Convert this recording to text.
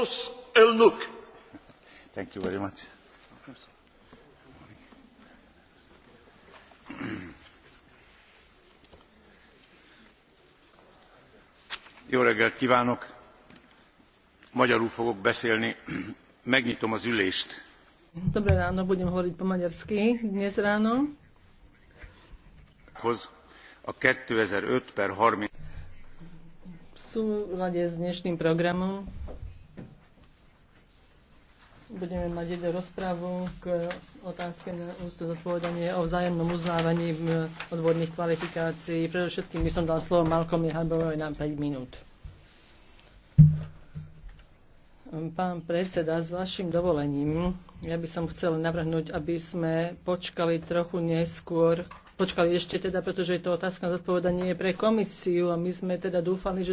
Os Elnuk. Thank you very much. Jó reggelt kívánok! Magyarul fogok beszélni. Megnyitom az ülést. Dobré ráno, budem hovoriť po maďarsky dnes ráno. A 2005 per 30 v súlade s dnešným programom budeme mať jednu rozpravu k otázke na ústu zodpovedanie o vzájomnom uznávaní odborných kvalifikácií. Predovšetkým by som dal slovo Malkomi Harborovej na 5 minút. Pán predseda, s vašim dovolením, ja by som chcel navrhnúť, aby sme počkali trochu neskôr, počkali ešte teda, pretože je to otázka na zodpovedanie pre komisiu a my sme teda dúfali, že